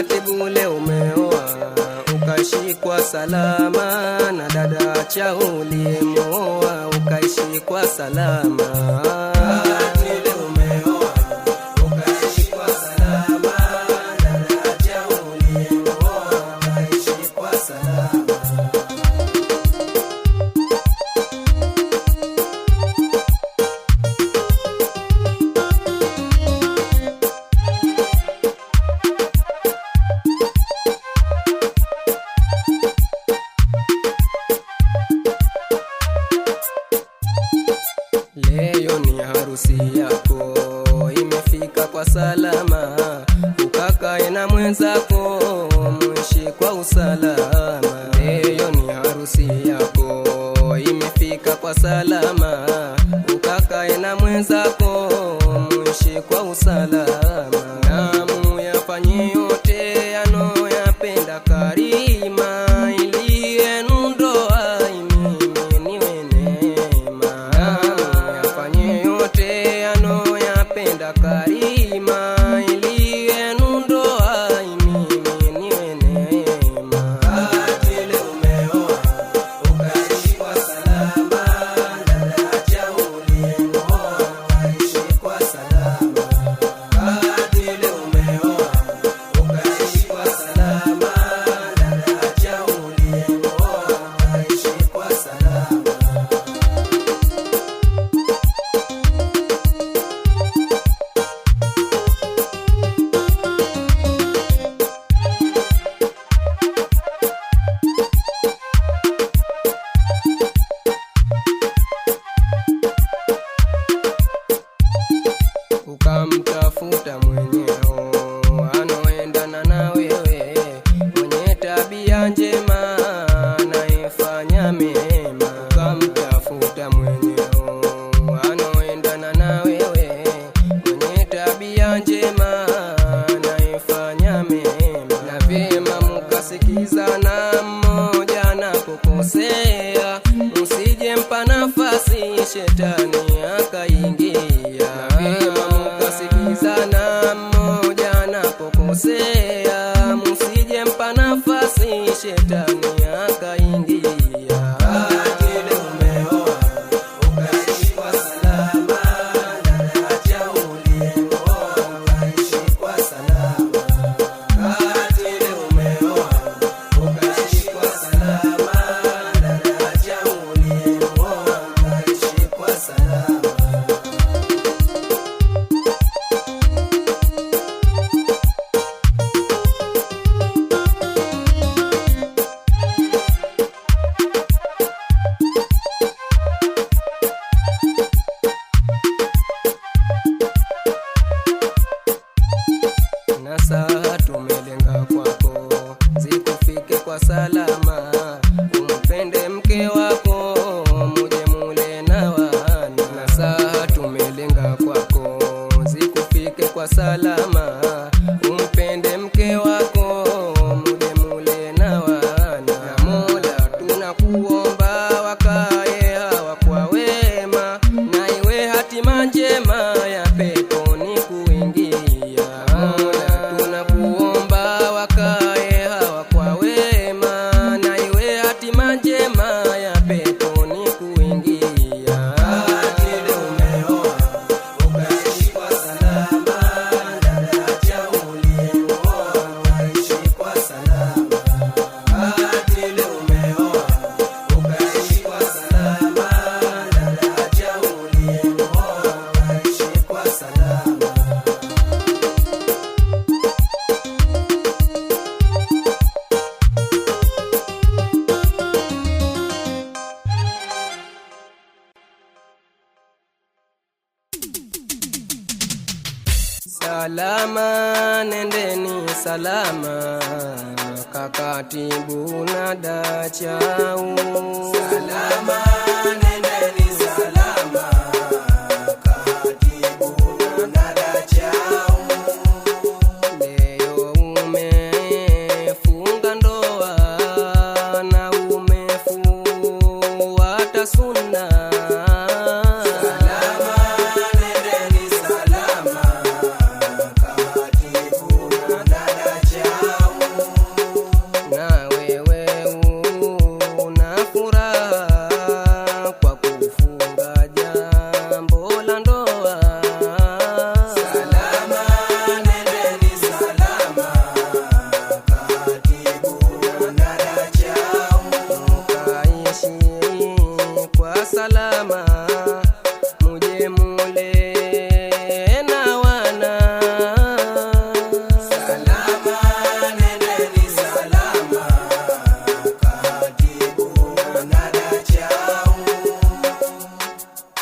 utaratibu leo umeoa ukashikwa salama na dada cha ukaishi ukaishikwa salama nafsi yako imefika kwa salama, ukakae na mwenzako mwishi kwa usalama. Leo ni harusi yako imefika kwa salama, ukakae na mwenzako mwishi kwa usalama. Namu yafanye yote anoyapenda karibu kukosea, msije mpa nafasi shetani. njema salama, nendeni salama, kakatibu na dachau salama